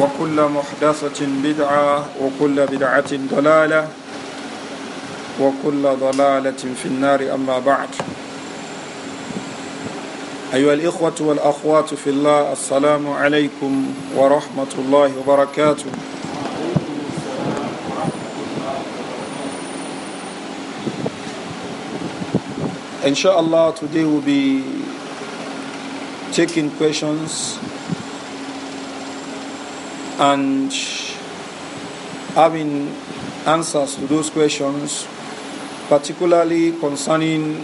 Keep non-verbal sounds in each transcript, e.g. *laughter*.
وكل محدثة بدعة وكل بدعة ضلالة وكل ضلالة في النار أما بعد أيها الإخوة والأخوات في الله السلام عليكم ورحمة الله وبركاته Inshallah, today we'll be taking questions and having answers to those questions, particularly concerning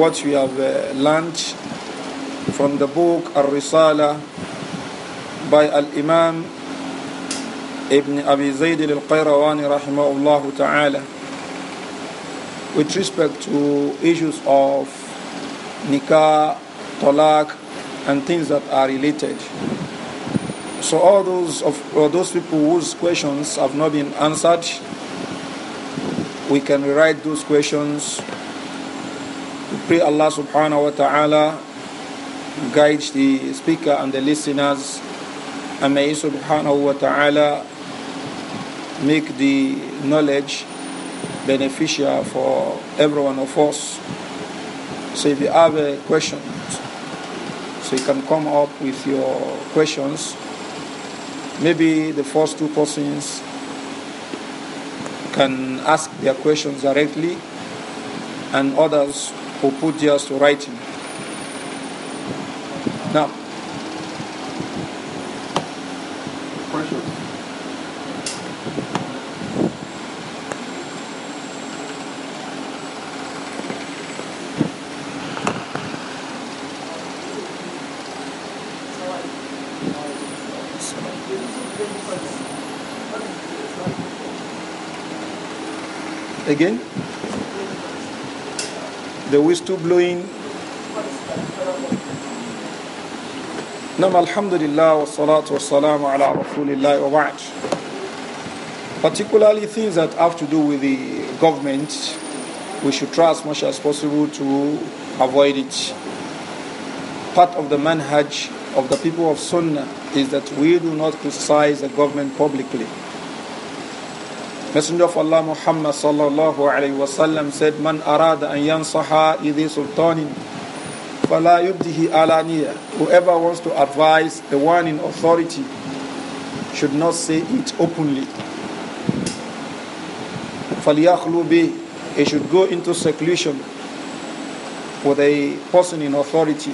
what we have uh, learned from the book Al Risala by Al Imam Ibn Abi Zayd al Qayrawani, rahimahullah ta'ala, with respect to issues of nikah, talaq, and things that are related. So all those of those people whose questions have not been answered, we can rewrite those questions. We pray Allah subhanahu wa ta'ala guide the speaker and the listeners and may subhanahu wa ta'ala make the knowledge beneficial for every one of us. So if you have a question, so you can come up with your questions. Maybe the first two persons can ask their questions directly, and others who put theirs to writing. Now, the wind still blowing. Nam alhamdulillah wa salatu wa salamu ala rasulillah wa Particularly things that have to do with the government, we should try as much as possible to avoid it. Part of the manhaj of the people of Sunnah is that we do not criticize the government publicly. Messenger of Allah Muhammad sallallahu alayhi wasallam said, Man arada an yansaha idhi sultanin fala yubdihi alaniya. Whoever wants to advise the one in authority should not say it openly. فَلْيَخْلُوا bi, He should go into seclusion with a person in authority.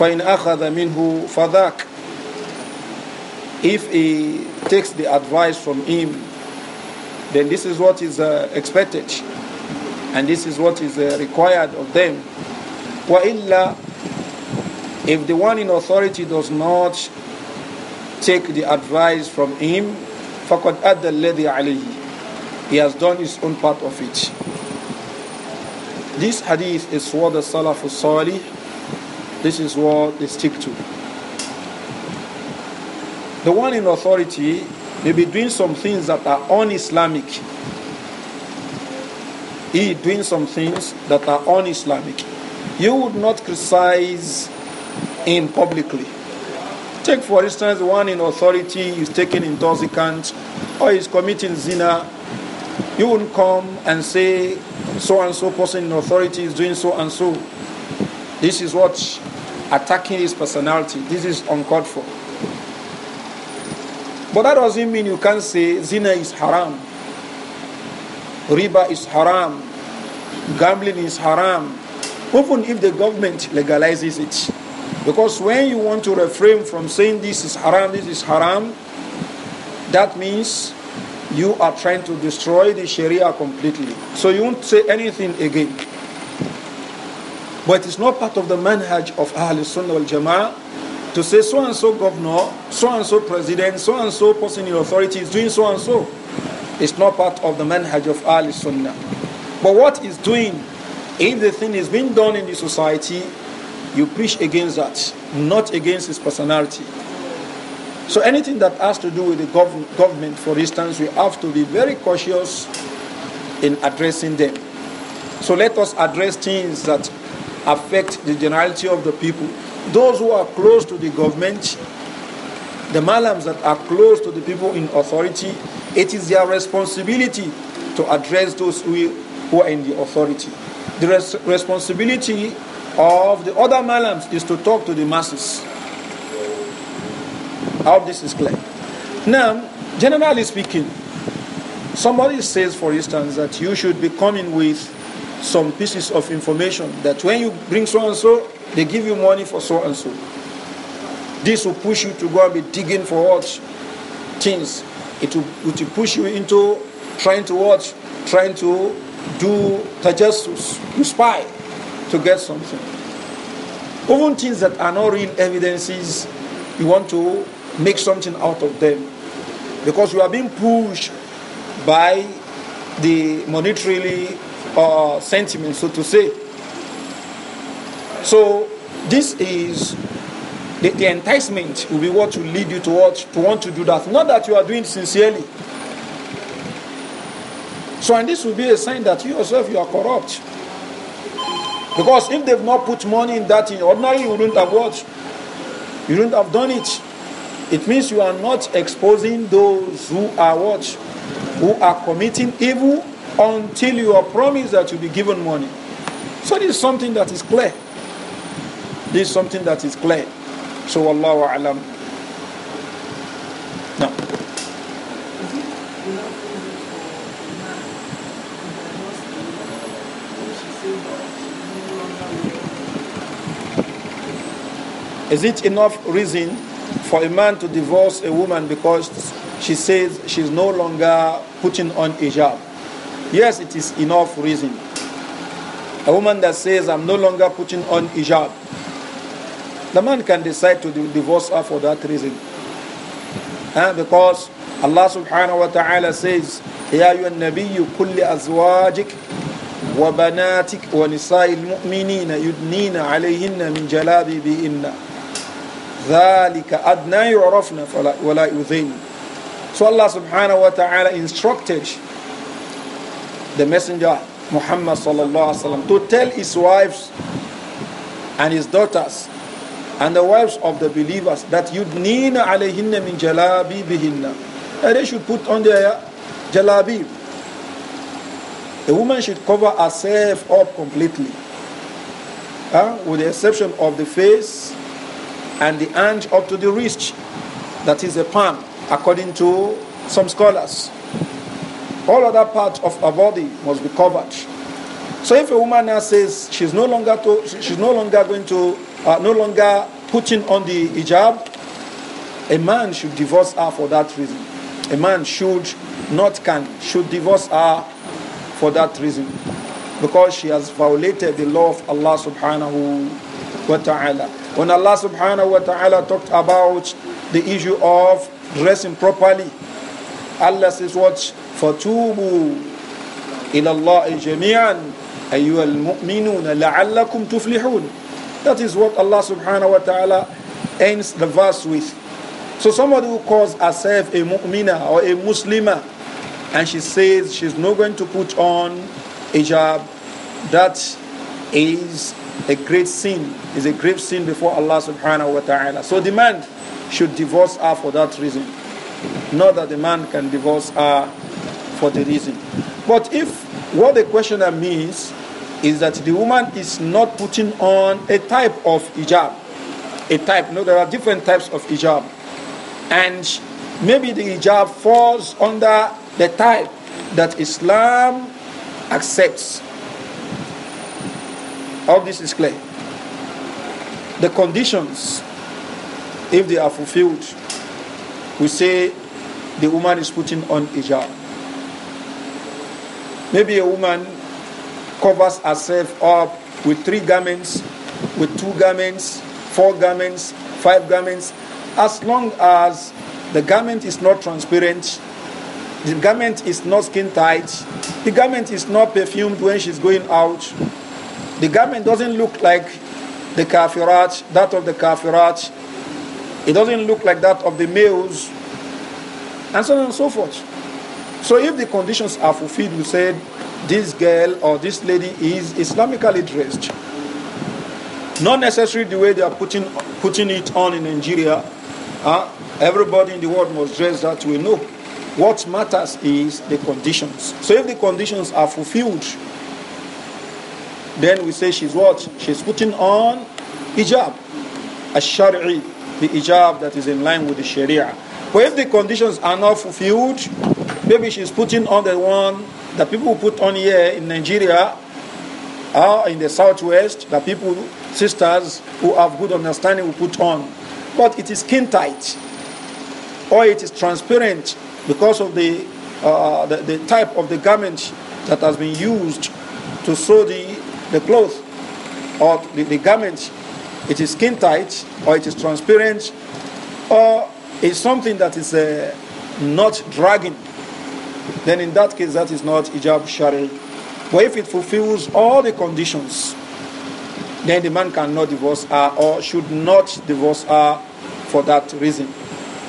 فَإِنْ أَخَذَ minhu fadak." if he takes the advice from him, then this is what is uh, expected and this is what is uh, required of them. Wa'illa, if the one in authority does not take the advice from him, He has done his own part of it. This hadith is what the Salafus Salih, this is what they stick to. The one in authority may be doing some things that are un-Islamic. He doing some things that are un-Islamic. You would not criticize him publicly. Take, for instance, one in authority is taking intoxicant or is committing zina. You wouldn't come and say, so and so person in authority is doing so and so. This is what attacking his personality. This is uncalled for. But that doesn't mean you can't say zina is haram, riba is haram, gambling is haram, even if the government legalizes it. Because when you want to refrain from saying this is haram, this is haram, that means you are trying to destroy the Sharia completely. So you won't say anything again. But it's not part of the manhaj of Ahl Sunnah wal Jama'ah to say so and so governor, so and so president, so and so person in authority is doing so and so. It's not part of the manhaj of Al Sunnah. But what is doing, if the thing is being done in the society, you preach against that, not against his personality. So anything that has to do with the gov government, for instance, we have to be very cautious in addressing them. So let us address things that affect the generality of the people those who are close to the government, the malams that are close to the people in authority, it is their responsibility to address those who, who are in the authority. The res responsibility of the other malams is to talk to the masses. I hope this is clear. Now, generally speaking, somebody says, for instance, that you should be coming with some pieces of information that when you bring so and so, they give you money for so and so. This will push you to go and be digging for what things. It will, it will push you into trying to watch, trying to do tajassus, to spy to get something. Even things that are not real evidences, you want to make something out of them because you are being pushed by the monetarily uh, sentiment, so to say. So this is the, the, enticement will be what will lead you to what to want to do that. Not that you are doing it sincerely. So and this will be a sign that you yourself you are corrupt. Because if they've not put money in that in ordinary you wouldn't have what? You wouldn't have done it. It means you are not exposing those who are what? Who are committing evil until you are promised that you'll be given money. So this is something that is clear. This is something that is clear. So Allah alam. No. Is it enough reason for a man to divorce a woman because she says she's no longer putting on hijab? Yes, it is enough reason. A woman that says, I'm no longer putting on hijab, the man can decide to divorce her for that reason. huh? because Allah subhanahu wa ta'ala says, يا أيها النبي كل أزواجك وبناتك yudnina المؤمنين يدنين عليهن من جلابيبهن adna yurafna, wa la يذين So Allah subhanahu wa ta'ala instructed the messenger Muhammad sallallahu alaihi wasallam to tell his wives and his daughters and the wives of the believers that yudnina alayhinna min jalabi bihinna and they should put on their jalabi a woman should cover herself up completely huh? with the exception of the face and the hand up to the wrist that is a palm according to some scholars all other parts of her body must be covered. So if a woman now says she's no longer to, she's no longer going to uh, no longer putting on the hijab, a man should divorce her for that reason. A man should not can should divorce her for that reason because she has violated the law of Allah subhanahu wa ta'ala. When Allah subhanahu wa ta'ala talked about the issue of dressing properly, Allah says what فَتُوبُوا إِلَى اللَّهِ جَمِيعًا أَيُّهَا الْمُؤْمِنُونَ لَعَلَّكُمْ تُفْلِحُونَ That is what Allah subhanahu wa ta'ala ends the verse with. So somebody who calls herself a mu'mina or a Muslima and she says she's not going to put on hijab, that is a great sin, is a grave sin before Allah subhanahu wa ta'ala. So the man should divorce her for that reason. Not that the man can divorce her for the reason. But if what the questioner means is that the woman is not putting on a type of hijab, a type, no, there are different types of hijab. And maybe the hijab falls under the type that Islam accepts. All this is clear. The conditions, if they are fulfilled, we say the woman is putting on hijab. Maybe a woman covers herself up with three garments, with two garments, four garments, five garments. As long as the garment is not transparent, the garment is not skin tight, the garment is not perfumed when she's going out, the garment doesn't look like the kafirat, that of the kafirat, it doesn't look like that of the males, and so on and so forth. So if the conditions are fulfilled, you said this girl or this lady is Islamically dressed. Not necessarily the way they are putting, putting it on in Nigeria. Huh? Everybody in the world must dress that way. No. What matters is the conditions. So if the conditions are fulfilled, then we say she's what? She's putting on hijab. a sharii the hijab that is in line with the sharia. But if the conditions are not fulfilled, Maybe she's putting on the one that people put on here in Nigeria or in the southwest, that people, sisters who have good understanding, will put on. But it is skin tight or it is transparent because of the, uh, the, the type of the garment that has been used to sew the, the cloth or the, the garment. It is skin tight or it is transparent or is something that is uh, not dragging then in that case that is not hijab shari. But if it fulfills all the conditions, then the man cannot divorce her or should not divorce her for that reason.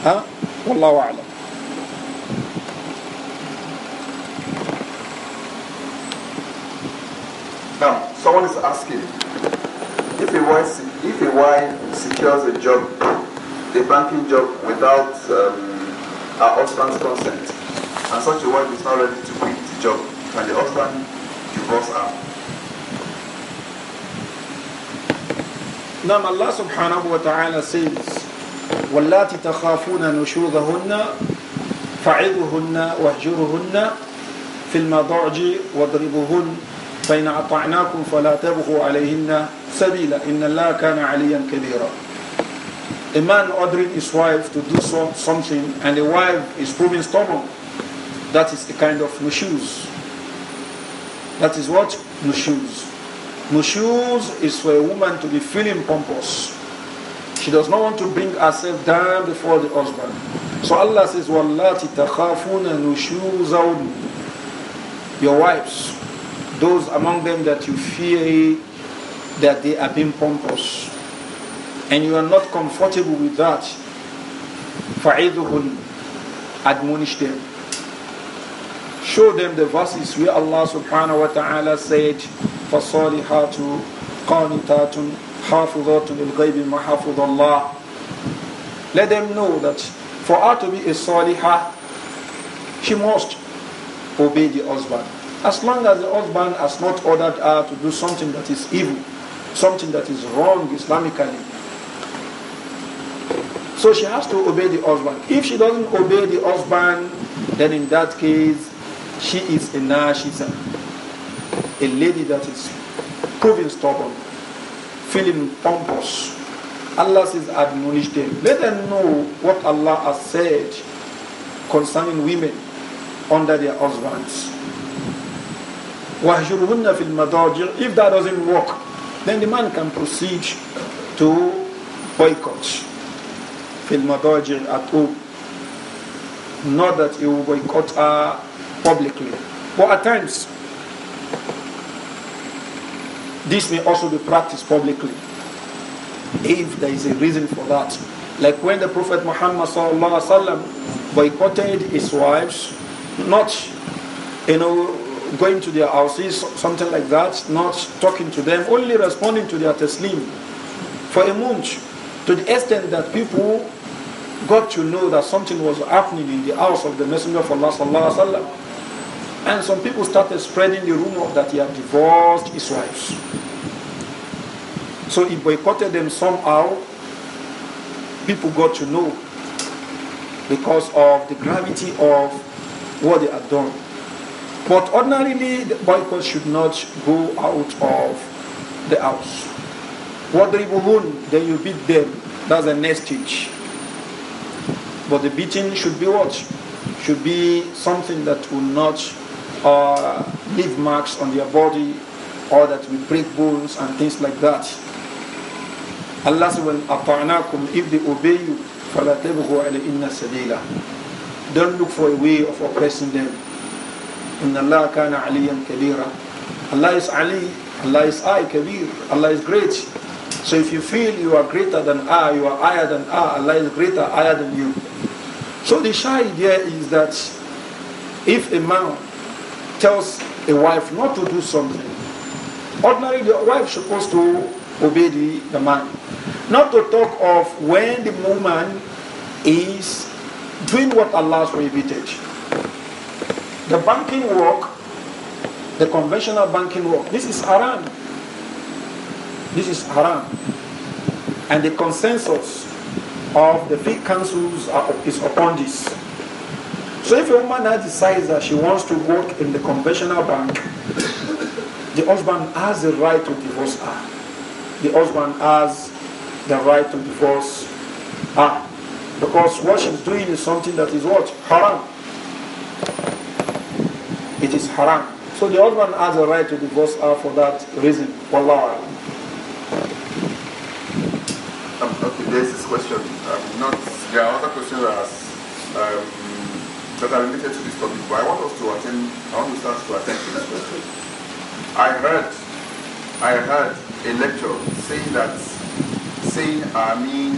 Huh? Wallahu a'lam. Now, someone is asking if a wife if a wife secures a job, a banking job without um, her husband's consent, and such a wife is not ready to quit the job, can the husband divorce her? Now Allah subhanahu wa ta'ala says, وَاللَّاتِ تَخَافُونَ نُشُوذَهُنَّ فَعِذُهُنَّ فِي فَإِنْ أَطَعْنَاكُمْ فَلَا تَبْغُوا عَلَيْهِنَّ سَبِيلًا إِنَّ اللَّهَ كَانَ عَلِيًّا كَبِيرًا A man ordering his wife to do so, something and the wife is proving stubborn. That is a kind of nushuz. That is what? Nushuz. Nushuz is for a woman to be feeling pompous. She does not want to bring herself down before the husband. So Allah says, وَاللَّاتِ تَخَافُونَ نُشُوزَهُنَّ Your wives, those among them that you fear that they are being pompous, and you are not comfortable with that, فَعِذُهُنَّ Admonish them show them the verses where Allah subhanahu wa ta'ala said, فَصَالِحَاتُ قَانِتَاتٌ حَافِظَاتٌ لِلْغَيْبِ مَا حَافِظَ اللَّهِ Let them know that for her to be a salihah, she must obey the husband. As long as the husband has not ordered her to do something that is evil, something that is wrong Islamically. So she has to obey the husband. If she doesn't obey the husband, then in that case, she is a nashiza, a lady that is proving stubborn, feeling pompous. Allah says, admonish them. Let them know what Allah has said concerning women under their husbands. وَهْجُرْهُنَّ فِي الْمَضَاجِعِ If that doesn't work, then the man can proceed to boycott. فِي الْمَضَاجِعِ at home. Not that he will boycott her publicly. But at times, this may also be practiced publicly if there is a reason for that. Like when the Prophet Muhammad boycotted his wives, not you know going to their houses, something like that, not talking to them, only responding to their taslim for a month, to the extent that people got to know that something was happening in the house of the Messenger of Allah sallallahu alaihi wasallam. And some people started spreading the rumor that he had divorced his wives. So he boycotted them somehow. People got to know because of the gravity of what they had done. But ordinarily, the boycott should not go out of the house. What they wound, then you beat them. That's the next stage. But the beating should be what? Should be something that will not or leave marks on their body or that we break bones and things like that. Allah says, when ata'nakum, if they obey you, فَلَا عَلَيْهِنَّ سَبِيلًا Don't look for a way of oppressing them. إِنَّ اللَّهَ كَانَ عَلِيًّا كَبِيرًا Allah is Ali, Allah is I, Kabir, Allah is great. So if you feel you are greater than I, you are higher than I, Allah is greater, higher than you. So the shy idea is that if a man tells a wife not to do something, ordinarily the wife supposed to obey the, the man. Not to talk of when the woman is doing what Allah has prohibited. The banking work, the conventional banking work, this is haram. This is haram. And the consensus of the big councils is upon this. So if a woman now decides that she wants to work in the conventional bank, the husband has the right to divorce her. The husband has the right to divorce her. Because what she's doing is something that is what? Haram. It is haram. So the husband has a right to divorce her for that reason. Wallah. Um, okay, there's this question. Um, not, there are other questions that um, that are related to this topic, but I want us to attend, I want us to attend to this question. I heard, I heard a lecture saying that saying Amin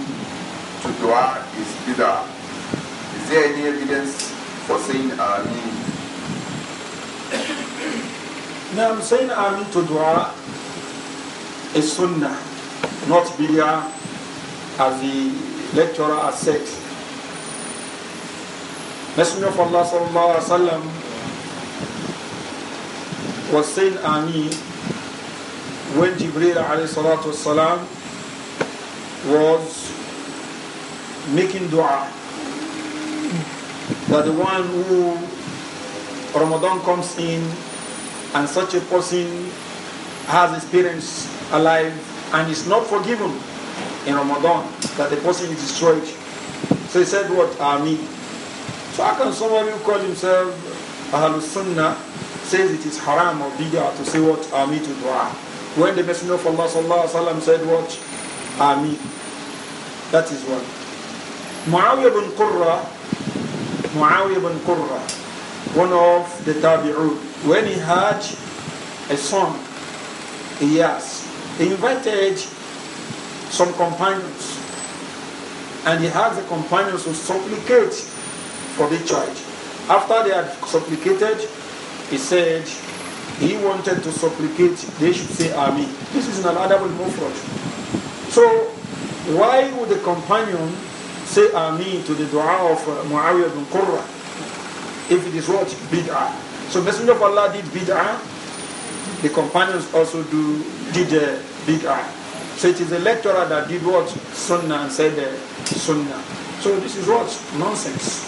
to Dua is bidah. Is there any evidence for saying Amin? Now, saying Amin to Dua is Sunnah, not bidah, as the lecturer has said. Messenger of Allah sallallahu alaihi was saying Ameen when Jibreel alayhi الصلاة والسلام was making dua that the one who Ramadan comes in and such a person has his parents alive and is not forgiven in Ramadan, that the person is destroyed. So he said what? Ameen. So how can somebody who calls himself Ahlul Sunnah says it is haram or bid'ah to say what Ami to dua? When the Messenger of Allah sallallahu alaihi wasallam said what Ami, that is one. Muawiyah bin Qurra, Muawiyah bin Qurra, one of the Tabi'un. when he had a son, asked, he invited some companions and he asked the companions to supplicate for the charge, After they had supplicated, he said he wanted to supplicate, they should say Amen. This is an adabul mufrad. So why would the companion say Amen to the dua of uh, Muawiyah bin Qurra if it is what? Bid'ah. So Messenger of Allah did bid'ah, the companions also do did uh, bid'ah. So it is the lecturer that did what? Sunnah and said uh, Sunnah. So this is what? Nonsense.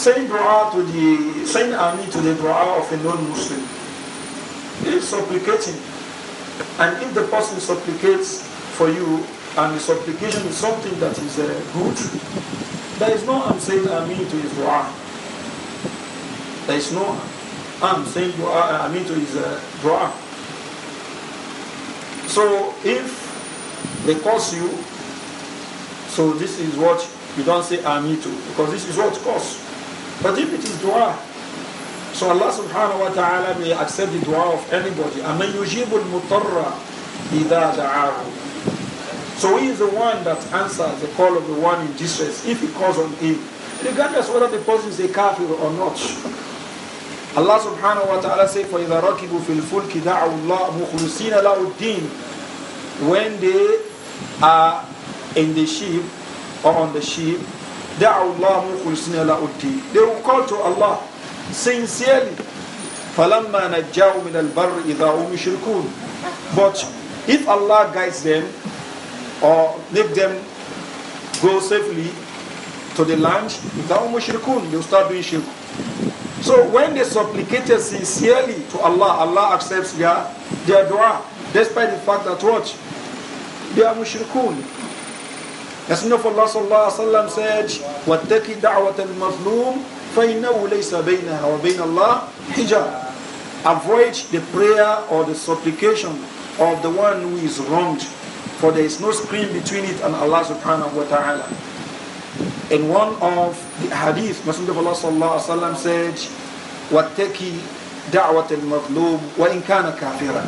saying dua to the saying amin to the dua of a non-Muslim. He is supplicating. And if the person supplicates for you and the supplication is something that is uh, good, there is no harm saying amin to his dua. There is no harm saying dua, uh, to his uh, dua. So if they curse you, so this is what you don't say amin to, because this is what curse. But if it is dua, so Allah subhanahu wa ta'ala may accept the dua of anybody. أَمَنْ يُجِيبُ الْمُطَرَّ إِذَا دَعَاهُ So he is the one that answers the call of the one in distress if he calls on him. Regardless whether the person is a kafir or not. Allah subhanahu wa ta'ala says, فَإِذَا رَكِبُوا فِي الْفُلْكِ دَعَوُ اللَّهُ مُخْلُسِينَ لَهُ الدِّينَ When they are in the ship or on the ship, دعوا الله they will call to Allah sincerely فلما نجاهم من البر إذا هم يشركون but if Allah guides them or make them go safely to the land إذا هم يشركون they start doing shirk so when they supplicated sincerely to Allah Allah accepts their, their dua despite the fact that what they are mushrikun Messenger of Allah sallallahu alaihi wasallam said, وَاتَّقِ دَعْوَةَ الْمَظْلُومِ فَإِنَّهُ لَيْسَ بَيْنَهَا وَبَيْنَ اللَّهِ حِجَابٌ Avoid the prayer or the supplication of the one who is wronged, for there is no screen between it and Allah subhanahu wa ta'ala. In one of the hadith, Messenger of Allah sallallahu alaihi wasallam said, وَاتَّقِ دعوة المظلوم وإن كان كافرا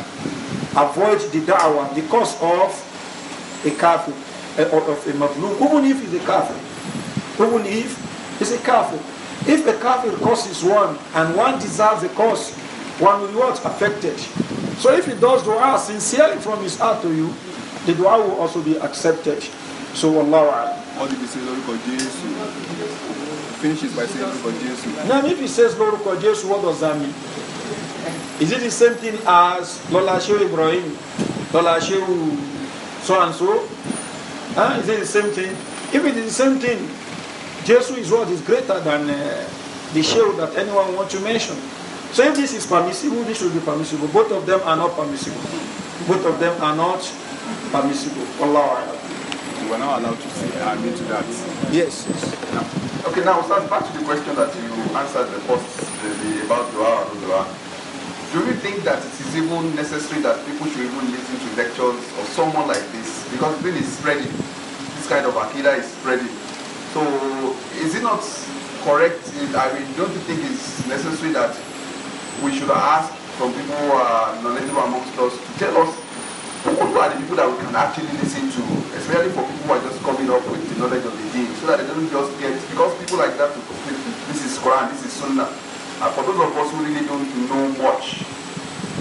avoid the da'wah the cause of a kafir Eh, of a madlum, even if he's a kafir. Even if a kafir. If a kafir causes one and one deserves the cause, one will be what? Affected. So if he does dua sincerely from his heart to you, the dua will also be accepted. So Allah What did he say, Lord Jesus? Finishes by saying Lord Jesus. Now if he says Lord Jesus, what does that mean? Is it the same thing as Lola Shehu Ibrahim, Lola Shehu so and so? Huh? Is it the same thing? If it is the same thing, Jesus is what is greater than uh, the shield that anyone wants to mention. So if this is permissible, this should be permissible. Both of them are not permissible. Both of them are not permissible. Allah. We are not allowed to say I mean to that. Yes. yes. No. Okay, now, back to the question that you answered the first, the, the, about dua or dua do you think that it is even necessary that people should even listen to lectures of someone like this? Because this it's spreading. This kind of akida is spreading. So is it not correct? I mean, don't you think it's necessary that we should ask from people who are knowledgeable amongst us to tell us who are the people that we can actually listen to, especially for people who are just coming up with the knowledge of the deen, so that they don't just get, because people like that, this is Quran, this is Sunnah for those of us who really don't know much,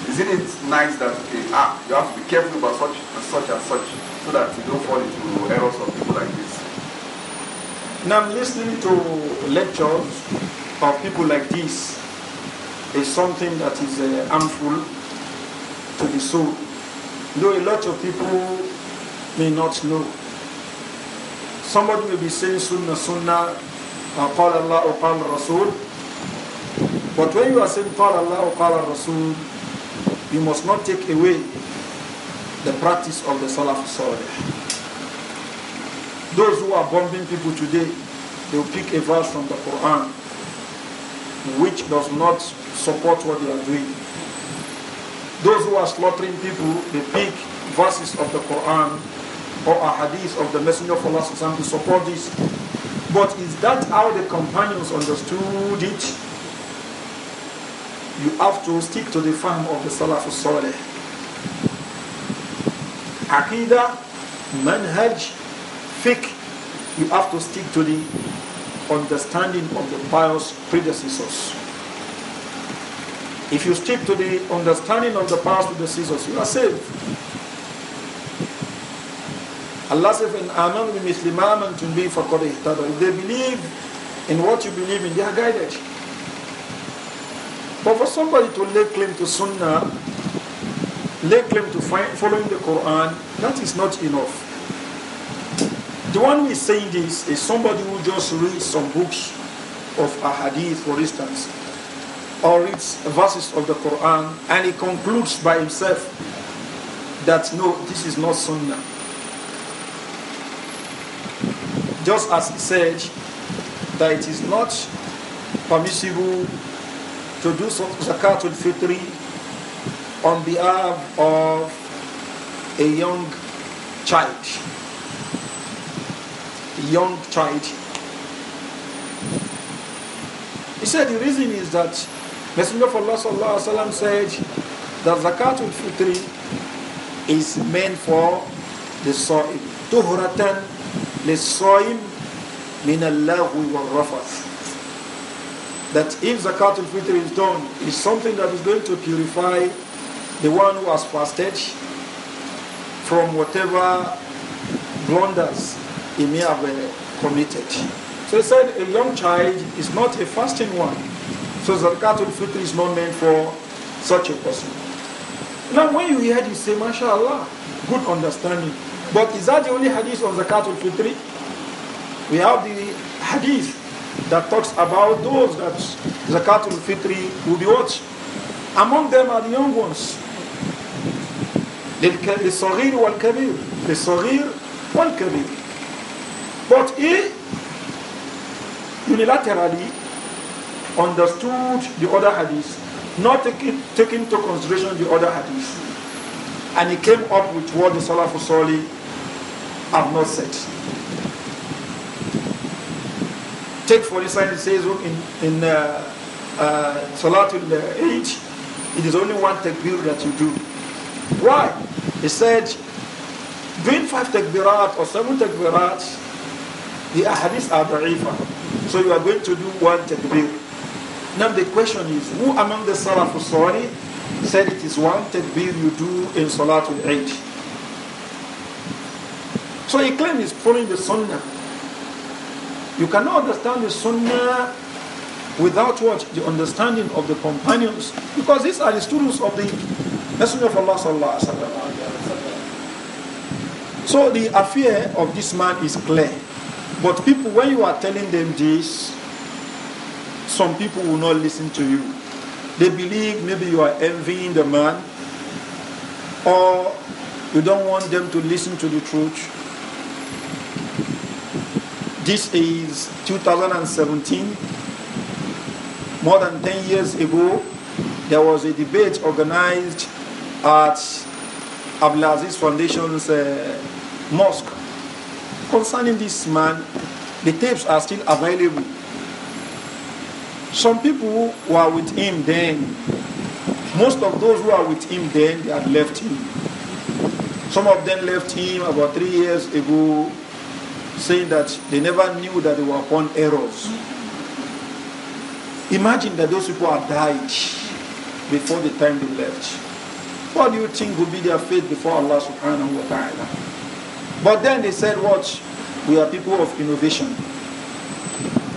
isn't it nice that okay, ah, you have to be careful about such and such and such so that you don't fall into errors of people like this? Now, listening to lectures of people like this is something that is uh, harmful to the soul. Though a lot of people may not know. Somebody may be saying Sunnah Sunnah, uh, Allah or Rasul, but when you are saying "Call Allah or Qala Rasul, you must not take away the practice of the Salaf Salih. Those who are bombing people today, they will pick a verse from the Quran which does not support what they are doing. Those who are slaughtering people, they pick verses of the Quran or a hadith of the Messenger of Allah to support this. But is that how the companions understood it? you have to stick to the form of the Salaf al-Salih. Aqidah, manhaj, fiqh, you have to stick to the understanding of the pious predecessors. If you stick to the understanding of the pious predecessors, you are saved. Allah says, in Aman bi Musliman to be for If they believe in what you believe in, they are guided. But for somebody to lay claim to Sunnah, lay claim to following the Quran, that is not enough. The one who is saying this is somebody who just reads some books of a hadith, for instance, or reads verses of the Quran, and he concludes by himself that no, this is not Sunnah. Just as he said that it is not permissible to do zakatul fitri on behalf of a young child. A young child. He said the reason is that Messenger of Allah sallallahu alaihi wasallam said that zakatul fitri is meant for the soil. Tuhratan للصائم من اللغو والرفث that if zakat al-fitr is done, it's something that is going to purify the one who has fasted from whatever blunders he may have uh, committed. So he said a young child is not a fasting one. So zakat al-fitr is not meant for such a person. Now when you hear this, say, mashallah, good understanding. But is that the only hadith on zakat al-fitr? We have the hadith that talks about those that Zakat al Fitri will be watched. Among them are the young ones. The والكبير wal Kabir. But he unilaterally understood the other hadith, not taking, taking into consideration the other hadith. And he came up with what the Salafus Sali have not said. Take for instance, it says in, in uh, uh, Salatul uh, Eid, it is only one takbir that you do. Why? He said, doing five takbirat or seven takbirat, the ahadith are da'ifa. So you are going to do one takbir. Now the question is, who among the Salafus Salih said it is one takbir you do in Salatul Eid? So he claims he's following the Sunnah. You cannot understand the Sunnah without what? The understanding of the companions. Because these are the students of the Messenger of Allah sallallahu So the affair of this man is clear. But people, when you are telling them this, some people will not listen to you. They believe maybe you are envying the man or you don't want them to listen to the truth this is 2017. More than 10 years ago, there was a debate organized at Abdulaziz Foundation's uh, mosque concerning this man. The tapes are still available. Some people who are with him then, most of those who are with him then, they had left him. Some of them left him about three years ago saying that they never knew that they were upon errors. Imagine that those people had died before the time they left. What do you think will be their fate before Allah subhanahu wa ta'ala? But then they said, What? We are people of innovation.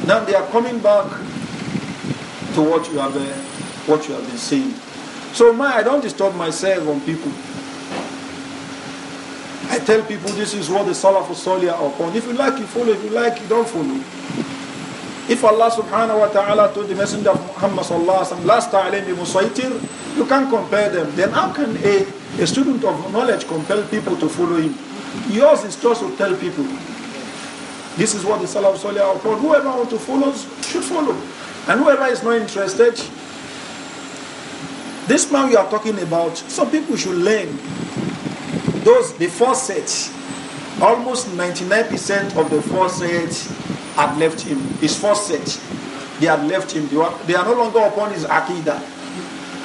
Now they are coming back to what you have, uh, what you have been saying. So, my, I don't disturb myself on people. I tell people this is what the Salaf Salih are upon. If you like, you follow. If you like, you don't follow. If Allah subhanahu wa ta'ala told the Messenger of Muhammad sallallahu alayhi wa last you can't compare them. Then how can a, a student of knowledge compel people to follow him? Yours is just to tell people. This is what the Salaf Salih are upon. Whoever wants to follow should follow. And whoever is not interested, this man we are talking about, some people should learn those the four sets, almost 99% of the four sets had left him. His four sets, they had left him. They, were, they are no longer upon his akida.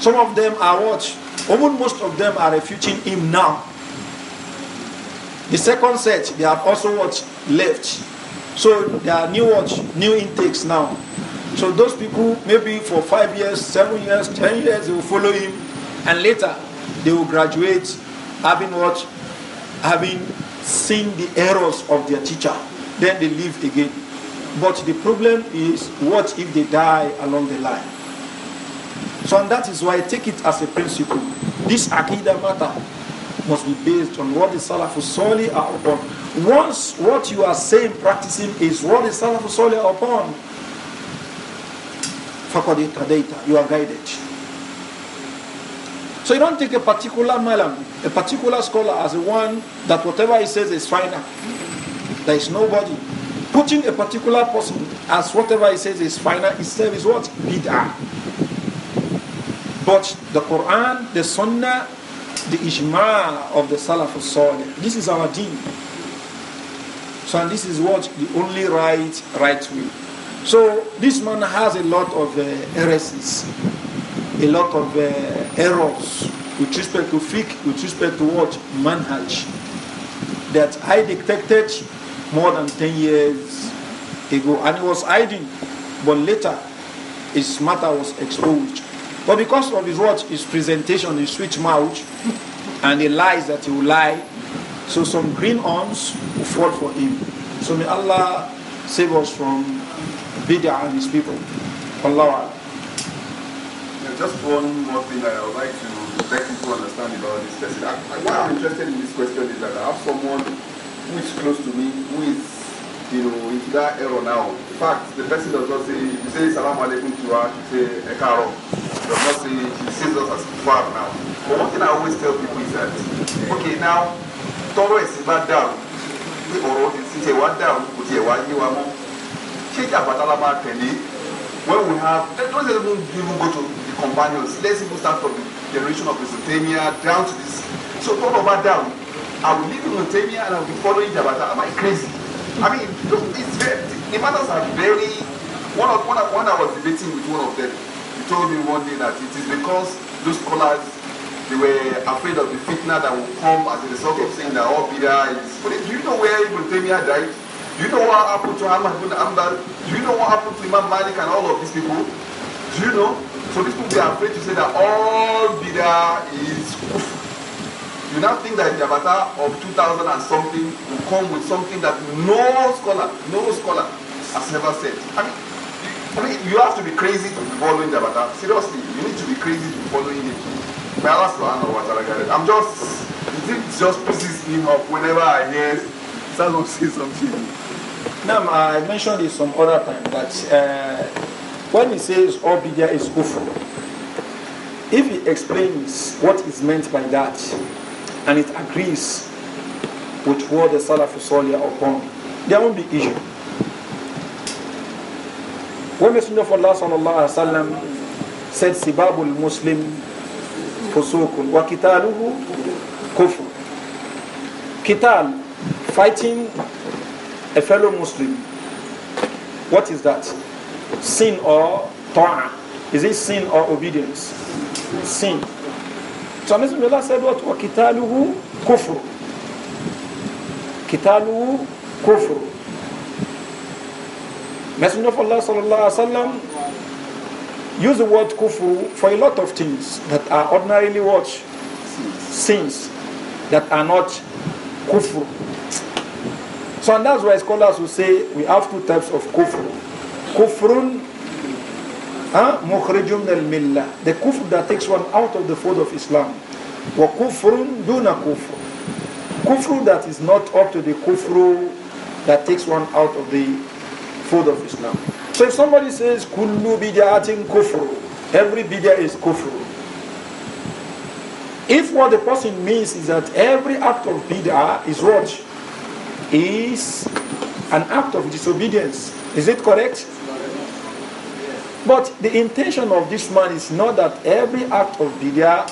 Some of them are what? Even most of them are refuting him now. The second set, they have also what left. So there are new what new intakes now. So those people maybe for five years, seven years, ten years they will follow him, and later they will graduate having watched, Having seen the errors of their teacher. Then they live again. But the problem is, what if they die along the line? So and that is why I take it as a principle. This Aqidah matter must be based on what the Salafu Soli are upon. Once what you are saying, practicing is what the Salafu Soli are upon, فَقَدْ You are guided. So you don't take a particular madam, a particular scholar as the one that whatever he says is final. There is nobody. Putting a particular person as whatever he says is final itself is what? Bid'ah. But the Quran, the Sunnah, the Ijma of the Salaf Salih, this is our deen. So and this is what the only right right way. So this man has a lot of uh, heresies a lot of uh, errors with respect to fiqh, with respect to what? Manhaj. That I detected more than 10 years ago. And it was hiding, but later his matter was exposed. But because of his what? His presentation, his switch mouth, and the lies that he will lie, so some green arms will fall for him. So may Allah save us from Bidya and his people. Allah. just one more thing that I would like to let people understand about this person. I, why I'm interested in this question is that I have someone who is close to me, who is, you know, into that era now. In fact, the person does not say, if you say salam alaikum to her, she say ekaro. Does not say, she sees us as far now. But one thing I always tell people is that, okay, now, tọrọ ẹ̀sìn bá down. We ọ̀rọ̀ ẹ̀sìn tiẹ̀ wá dàrú, kò tiẹ̀ wá yé wa mọ́. Ṣé ìjà àbátálá máa tẹ̀lé? When we have, let's even, even go to the companions. Let's even start from the generation of Mesopotamia down to this. So all over down, I will leave in Mesopotamia and I will be following Jabata. Am I crazy? I mean, it's very, the matters are very. One of one, one I was debating with one of them, he told me one day that it is because those scholars they were afraid of the fitna that will come as a result of saying that all oh, Bida is. do you know where Ibn died? Do you know what happened to Ahmad ibn Ambal? Do you know what happened to Imam Malik and all of these people? Do you know? So these people they are afraid to say that all bidah is kufr. You now think that the avatar of 2000 and something will come with something that no scholar, no scholar has ever said. I mean, I mean you have to be crazy to be following the avatar. Seriously, you need to be crazy to be following it. I'm just, it just pisses me off whenever I hear someone *laughs* say something. Now, um, I mentioned this some other time that uh, when he says all oh, bidia is kufr, if he explains what is meant by that and it agrees with what the Salafus Salih upon, there won't be issue. When Messenger of Allah sallallahu alaihi wasallam said, "Sibabul Muslim fusukun wa kitaluhu kufr," kital, fighting a fellow Muslim. What is that? Sin or ta'a? Is it sin or obedience? Sin. So Messenger of Allah said what? وَكِتَالُهُ كُفْرُ كِتَالُهُ كُفْرُ Messenger of Allah sallallahu alaihi wasallam used the word kufru for a lot of things that are ordinarily what? Sins that are not kufru. So and that's why scholars will say we have two types of kufr. Kufrun huh? mukhrijun al millah. The kufr that takes one out of the fold of Islam. Wa kufrun duna kufr. Kufr that is not up to the kufru that takes one out of the fold of Islam. So if somebody says kullu bid'atin kufr, every bid'ah is kufr. If what the person means is that every act of bid'ah is wrong is an act of disobedience. Is it correct? But the intention of this man is not that every act of bid'ah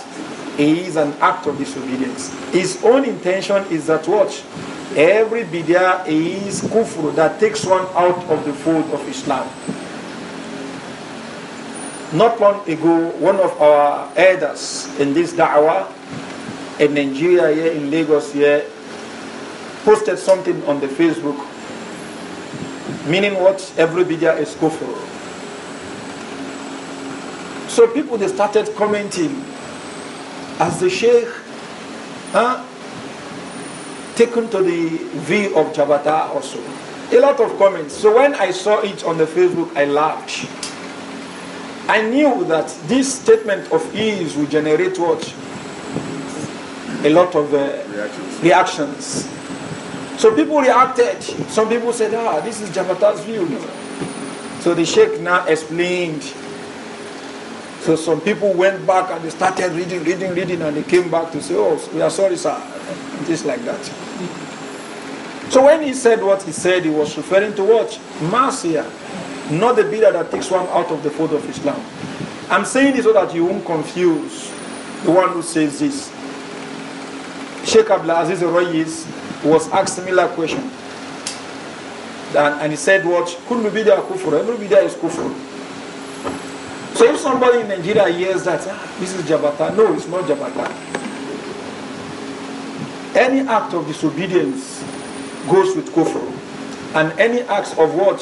is an act of disobedience. His own intention is that what? Every bid'ah is kufr that takes one out of the fold of Islam. Not long ago, one of our elders in this da'wah in Nigeria, here in Lagos, here, posted something on the Facebook, meaning what? Every video is kufr. So people, they started commenting, as the sheikh huh, taken to the view of Jabata also. A lot of comments. So when I saw it on the Facebook, I laughed. I knew that this statement of ease would generate what? A lot of uh, reactions. reactions. So people reacted. Some people said, ah, this is Jabata's view. So the Sheikh now explained. So some people went back and they started reading, reading, reading, and they came back to say, oh, we are sorry, sir. Just like that. So when he said what he said, he was referring to what? Marcia, not the bidder that takes one out of the fold of Islam. I'm saying this so that you won't confuse the one who says this. Sheikh Abdul Aziz Al-Royis was asked similar question. That, and he said what? be there kufur. Every Everybody is kufur. So if somebody in Nigeria hears that, ah, this is Jabata. No, it's not Jabata. Any act of disobedience goes with kufur. And any act of what?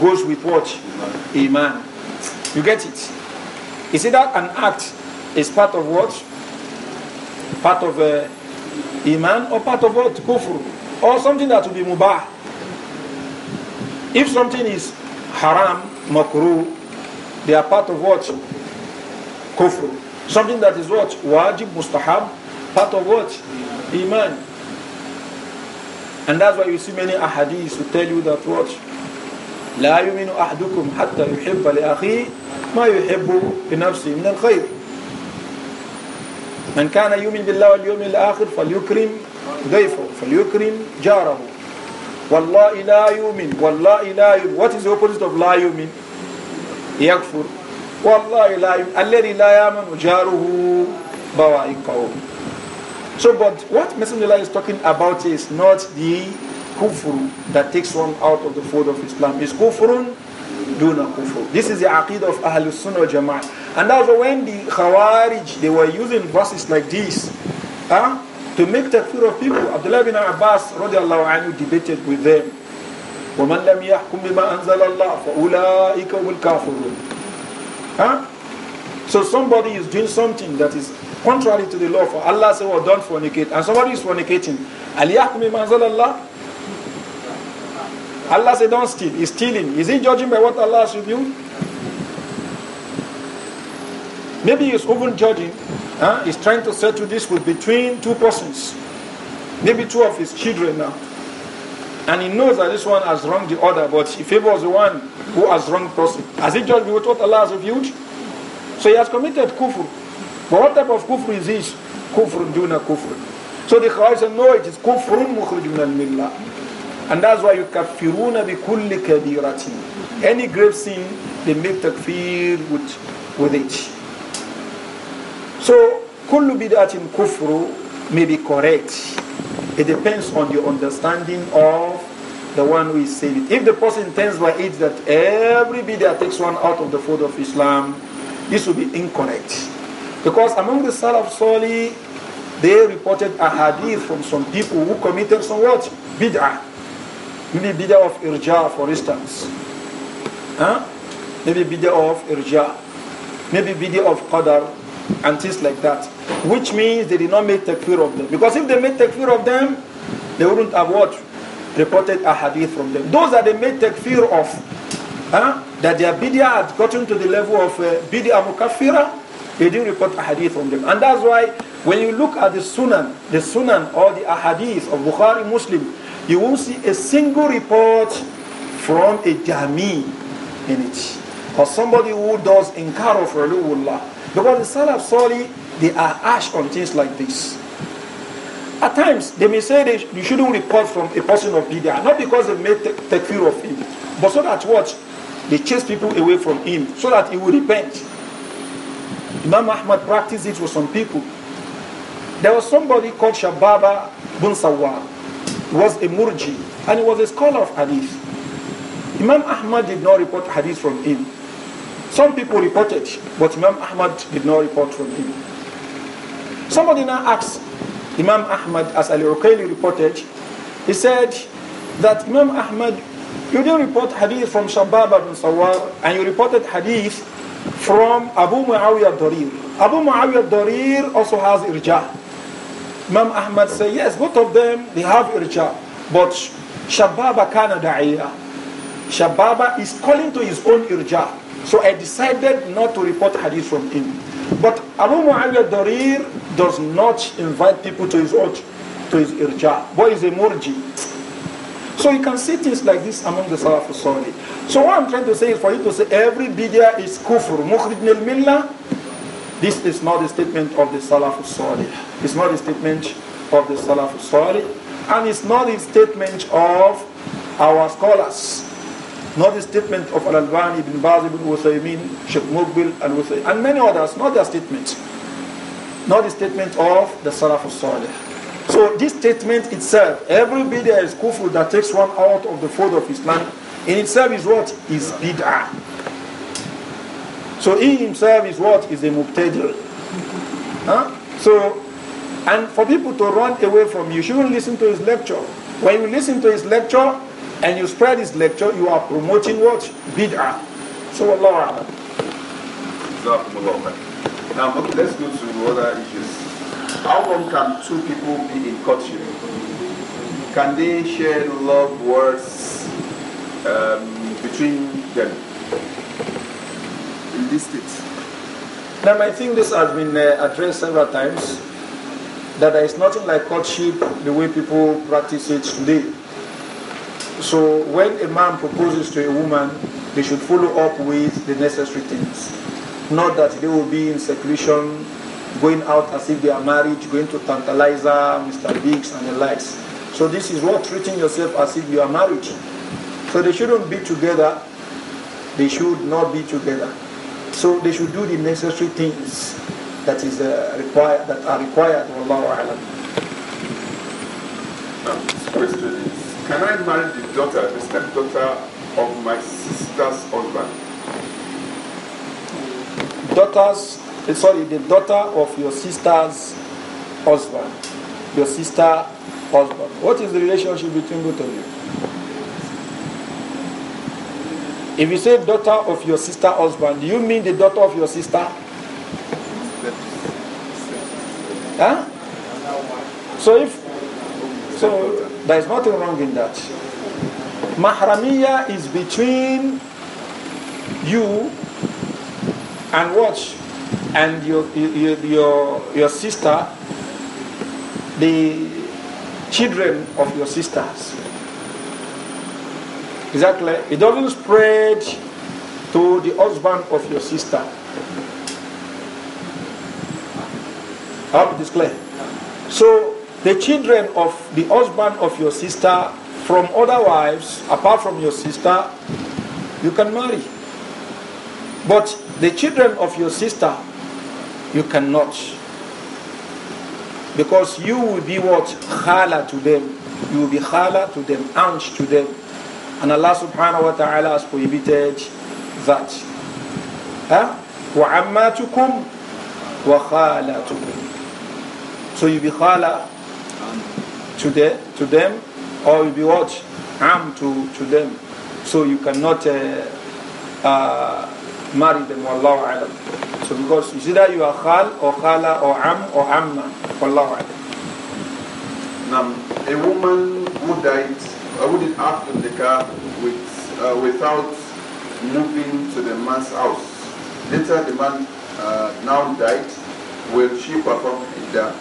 goes with what? Iman. You get it? You see that an act is part of what? Part of uh, Iman or part of what? Kufr. Or something that will be mubah. If something is haram, makruh, they are part of what? Kufr. Something that is what? Wajib, mustahab, part of what? Iman. And that's why you see many ahadiths who tell you that what? لا يؤمن أحدكم حتى يحب لأخيه ما يحب لنفسه من الخير من كان يؤمن بالله واليوم الآخر فليكرم ضيفه فليكرم جاره والله لا يؤمن والله لا يؤمن what is the opposite of لا يؤمن يكفر والله لا يؤمن الذي لا يؤمن جاره بوائق قوم so but what Messenger is talking about is not the كفر that takes one out of the fold of Islam is كفر دون كفر this is the عقيدة of أهل السنة والجماعة And also, when the Khawarij, they were using verses like this huh, to make takfir of people. Abdullah bin Abbas radiallahu anhu debated with them. وَمَنْ لَمْ يَحْكُمْ بِمَا أَنزَلَ اللَّهُ فَأُولَٰئِكَ هُمُ الْكَافِرُونَ huh? So somebody is doing something that is contrary to the law for Allah said, well, don't fornicate. And somebody is fornicating. أَلْيَحْكُمْ بِمَا أَنزَلَ اللَّهُ Allah said, don't steal. He's stealing. Is he judging by what Allah has revealed? Maybe he's even judging, huh? he's trying to settle this with between two persons, maybe two of his children now. And he knows that this one has wronged the other, but he was the one who has wronged person. Has he judged with what Allah has revealed? So he has committed kufr. But what type of kufr is this? Kufr duna kufr. So the Khawarij said, no, it is kufrun mukhrijun al-millah. And that's why you kafiruna bi kulli kabiratin. Any grave sin, they make takfir with, with it. So, kullu bid'atin kufru may be correct. It depends on your understanding of the one who is saying it. If the person intends by it that every bid'ah takes one out of the fold of Islam, this will be incorrect. Because among the Salaf Sali, they reported a hadith from some people who committed some what? Bid'ah. Maybe bid'ah of irja, for instance. Huh? Maybe bid'ah of irja. Maybe bid'ah of qadar and things like that. Which means they did not make takfir of them. Because if they made takfir of them, they wouldn't have what? Reported a hadith from them. Those that they made takfir of, huh? that their bid'ah had gotten to the level of uh, bid'ah mukaffira, they didn't report a hadith from them. And that's why when you look at the sunan, the sunan or the ahadith of Bukhari Muslim, you won't see a single report from a Jami in it. Or somebody who does inkar of Allah. Because the Salaf Sali, they are harsh on things like this. At times, they may say they, you shouldn't report from a person of Bid'ah, not because they may take fear of him, but so that what? They chase people away from him, so that he will repent. Imam Ahmad practiced it with some people. There was somebody called Shababa bin Sawar. He was a murji, and he was a scholar of hadith. Imam Ahmad did not report hadith from him. Some people reported, but Imam Ahmad did not report from him. Somebody now asked Imam Ahmad, as Al Uqayli reported, he said that Imam Ahmad, you didn't report hadith from Shabab ibn Sawar, and you reported hadith from Abu Muawiyah Darir. Abu Muawiyah Darir also has irja. Imam Ahmad said, yes, both of them, they have irja. But Shababa kana da'iyah. Shababa is calling to his own irja. So I decided not to report hadith from him. But Abu Muawiyah Darir does not invite people to his urj, to his irja. Boy is a murji. So you can see things like this among the Salafus Salih. So what I'm trying to say is for you to say every bidya is kufr, mukhrij al This is not a statement of the Salafus Salih. It's not a statement of the Salafus Salih. And it's not a statement of our scholars. Not the statement of Al-Albani, Ibn Baz, Ibn Uthaymin, Sheikh Mukbil, and and many others, not their statement. Not the statement of the Salaf al-Salih. So this statement itself, every bid'ah is kufr that takes one out of the fold of Islam, in itself is what? Is bid'ah. So he himself is what? Is a mubtadi. Huh? So, and for people to run away from you, you shouldn't listen to his lecture. When you listen to his lecture, and you spread this lecture, you are promoting what? Bid'ah. So Allah. Now, let's go to other issues. How long can two people be in courtship? Can they share love words um, between them? this it. Now, I think this has been uh, addressed several times that there is nothing like courtship the way people practice it today. So when a man proposes to a woman, they should follow up with the necessary things. Not that they will be in seclusion, going out as if they are married, going to Tantalizer, Mr. Biggs, and the likes. So this is what treating yourself as if you are married. So they shouldn't be together. They should not be together. So they should do the necessary things that is uh, required that are required. Wallahu alam. question can I marry the daughter, the stepdaughter of my sister's husband? Daughters, eh, sorry, the daughter of your sister's husband. Your sister husband. What is the relationship between both of you? If you say daughter of your sister husband, do you mean the daughter of your sister? Huh? So if so there is nothing wrong in that. Mahramiya is between you and watch and your, your, your, your sister, the children of your sisters. Exactly. It doesn't spread to the husband of your sister. I hope it is clear. So the children of the husband of your sister from other wives, apart from your sister, you can marry. But the children of your sister, you cannot. Because you will be what? Khala to them. You will be khala to them, aunt to them. And Allah subhanahu wa ta'ala has prohibited that. Huh? So you be khala to, the, to them or will be what? Am to, to them. So you cannot uh, uh, marry them, wallahu alam. So because it's either you are khal or khala or am or amma, wallahu alam. Now, a woman who died, uh, who did in the car with, uh, without moving to the man's house, later the man uh, now died, will she perform iddah?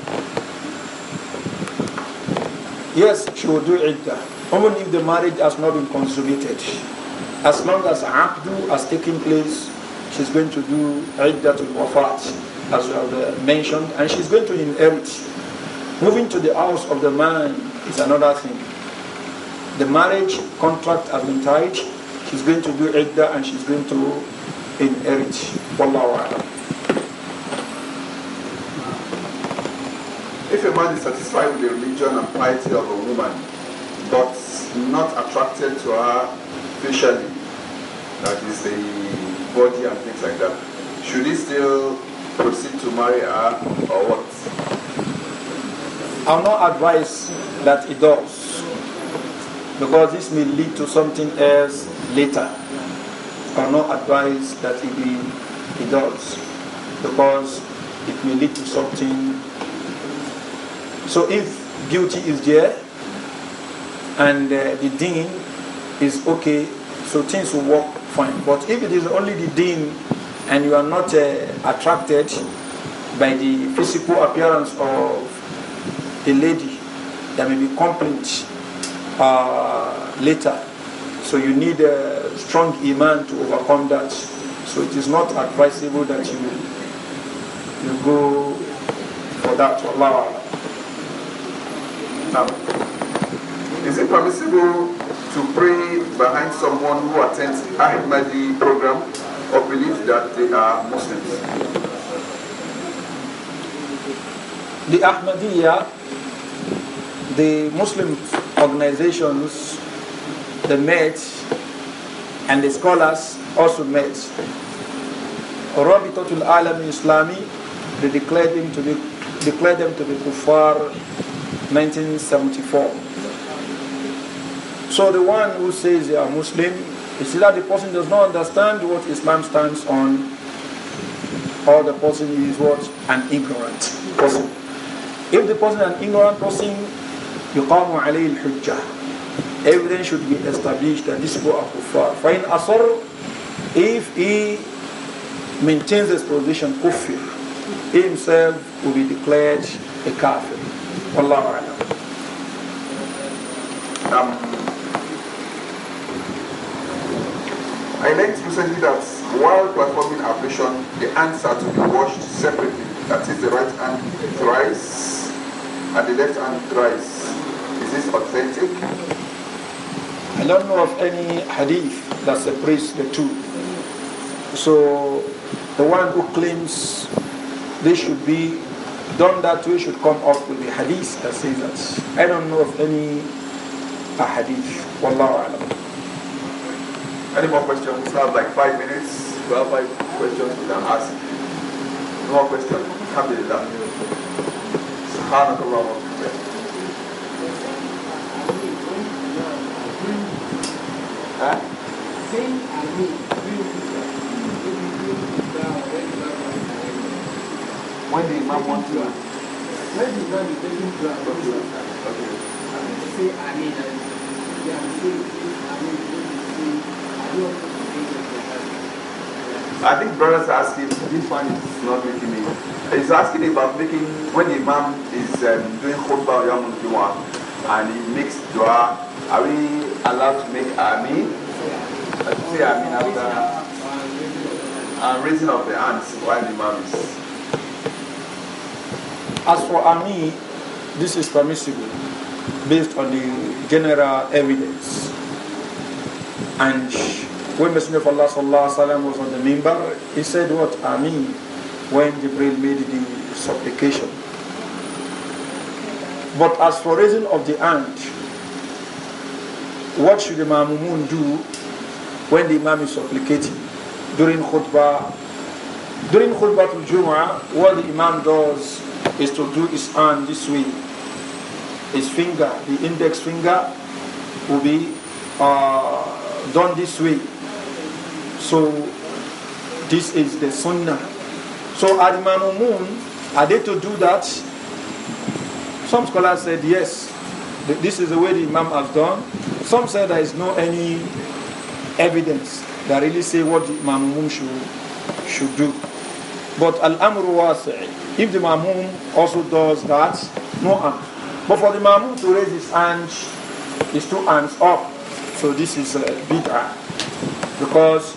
Yes, she will do iddah, even if the marriage has not been consummated. As long as abdu has taken place, she's going to do iddatul wafat, as we have uh, mentioned, and she's going to inherit. Moving to the house of the man is another thing. The marriage contract has been tied. She's going to do iddah and she's going to inherit. Wallahu a'lam. if a man is satisfied with the religion and piety of a woman, but not attracted to her facially, that is the body and things like that, should he still proceed to marry her or what? I'll not advise that he does, because this may lead to something else later. I'll not advise that he, he does, because it may lead to something so if beauty is there and uh, the deen is okay, so things will work fine. But if it is only the deen and you are not uh, attracted by the physical appearance of the lady, there may be complaint uh, later. So you need a strong iman to overcome that. So it is not advisable that you you go for that. Allah. Now, is it permissible to pray behind someone who attends Ahmadi program or believes that they are Muslims? The Ahmadiyya, the Muslim organizations, the met and the scholars also met. Rabitatul Alam Islami, they declared, them to be, declared them to be kuffar 1974. So the one who says they are Muslim, is that the person does not understand what Islam stands on, or the person is what? An ignorant person. If the person is an ignorant person, يقام عليه الحجة. Evidence should be established that this is are kuffar. فإن أصر if he maintains his position kufir, himself will be declared a kafir. والله أعلم um, I learned recently that while performing ablution, the hands are to be washed separately. That is, the right hand dries and the left hand dries. Is this authentic? I don't know of any hadith that separates the two. So, the one who claims they should be done that, we should come up with a hadith that says that. I don't know of any hadith. Wallahu Any more questions? We have like five minutes. We have five questions we can ask. No more questions. Alhamdulillah. Subhanakallah Huh? Saying I mean, when the imam wants to ask. When the imam is taking to ask, okay. okay. I mean, say Amin, and they are saying, Amin, say, I don't want to uh, I think brothers are asking, this one is not making me. He's asking about making, when the Imam is um, doing khutbah or Yom Jumu'ah and he makes dua, are we allowed to make Amin? I say Amin after uh, raising of the hands while the Imam is as for Ami, this is permissible based on the general evidence. And when Messenger of Allah sallallahu was on the mimbar, he said what Ami when Jibril made the supplication. But as for raising of the hand, what should the Mamumun do when the Imam is supplicating? During khutbah, during khutbah to Jum'ah, what the Imam does is to do his hand this way. His finger, the index finger, will be uh, done this way. So this is the sunnah. So at Imamumun, are they to do that? Some scholars said yes. This is the way the Imam has done. Some said there is no any evidence that really say what the Imamumun should, should do. But Al-Amru Wasi'i, if the Mamum also does that, no harm. But for the Mamum to raise his hand, his two hands up, so this is a uh, bid'ah. Because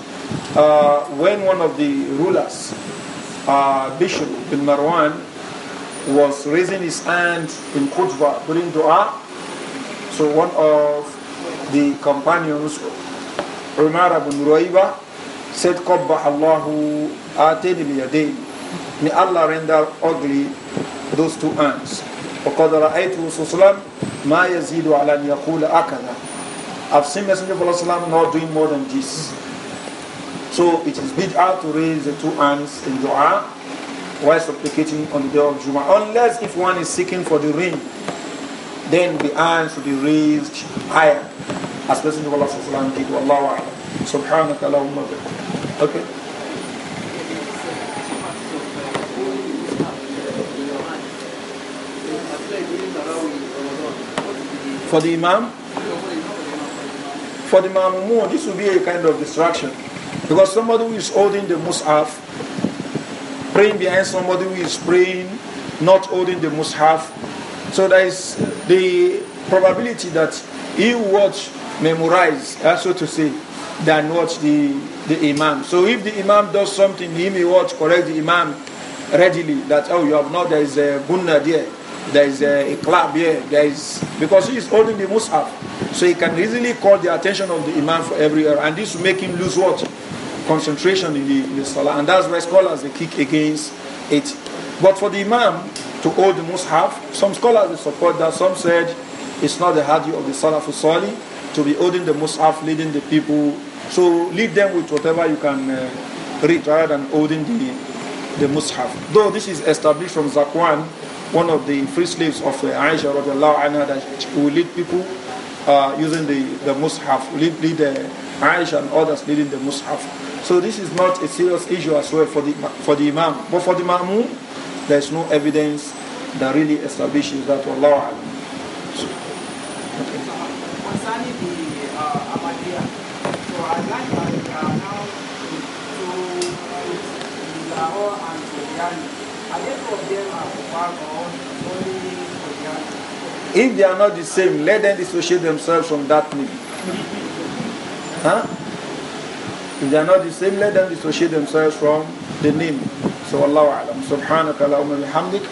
uh, when one of the rulers, uh, Bishop bin Marwan, was raising his hand in kutva during dua, so one of the companions, Umar ibn Ruaiba, said, قبح Allahu آتيني May Allah render ugly those two hands. وقد رأيته صلى الله عليه وسلم ما يزيد على أن يقول أكذا I've seen Messenger of Allah not doing more than this. So it is bid'ah to raise the two hands in dua while supplicating on the day of Juma. Unless if one is seeking for the ring, then the hands should be raised higher. As Messenger of Allah did. Wallahu a'lam. Subhanaka Allahumma Okay. for the Imam? For the Mamun, this will be a kind of distraction. Because somebody who is holding the Mus'haf, praying behind somebody who is praying, not holding the Mus'haf. So there is the probability that he watch, memorize, that's uh, what to say, than watch the, the Imam. So if the Imam does something, he may watch, correct the Imam readily that, oh, you have not, there is a gunnah there there is a, a club here, there is because he is holding the Mus'haf. So he can easily call the attention of the Imam for every error, and this will make him lose what? Concentration in the, in the Salah. And that's why scholars they kick against it. But for the Imam to hold the Mus'haf, some scholars support that, some said it's not the hadith of the for Sali to be holding the Mus'haf, leading the people. So lead them with whatever you can uh, read rather than holding the, the Mus'haf. Though this is established from Zakwan one of the free slaves of uh, Aisha radiallahu anha that will lead people uh, using the, the mushaf, lead, lead uh, Aisha and others leading the mushaf. So this is not a serious issue as well for the, for the imam. But for the ma'mun, there is no evidence that really establishes that Allah. Uh, that uh, uh, if they are not the same, let them dissociate themselves from that name. huh? If they are not the same, let them dissociate themselves from the name. So Allah Subhanaka Allahumma bihamdik.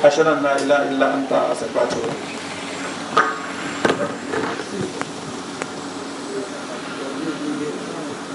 Ashhadu an la ilaha illa anta astaghfiruka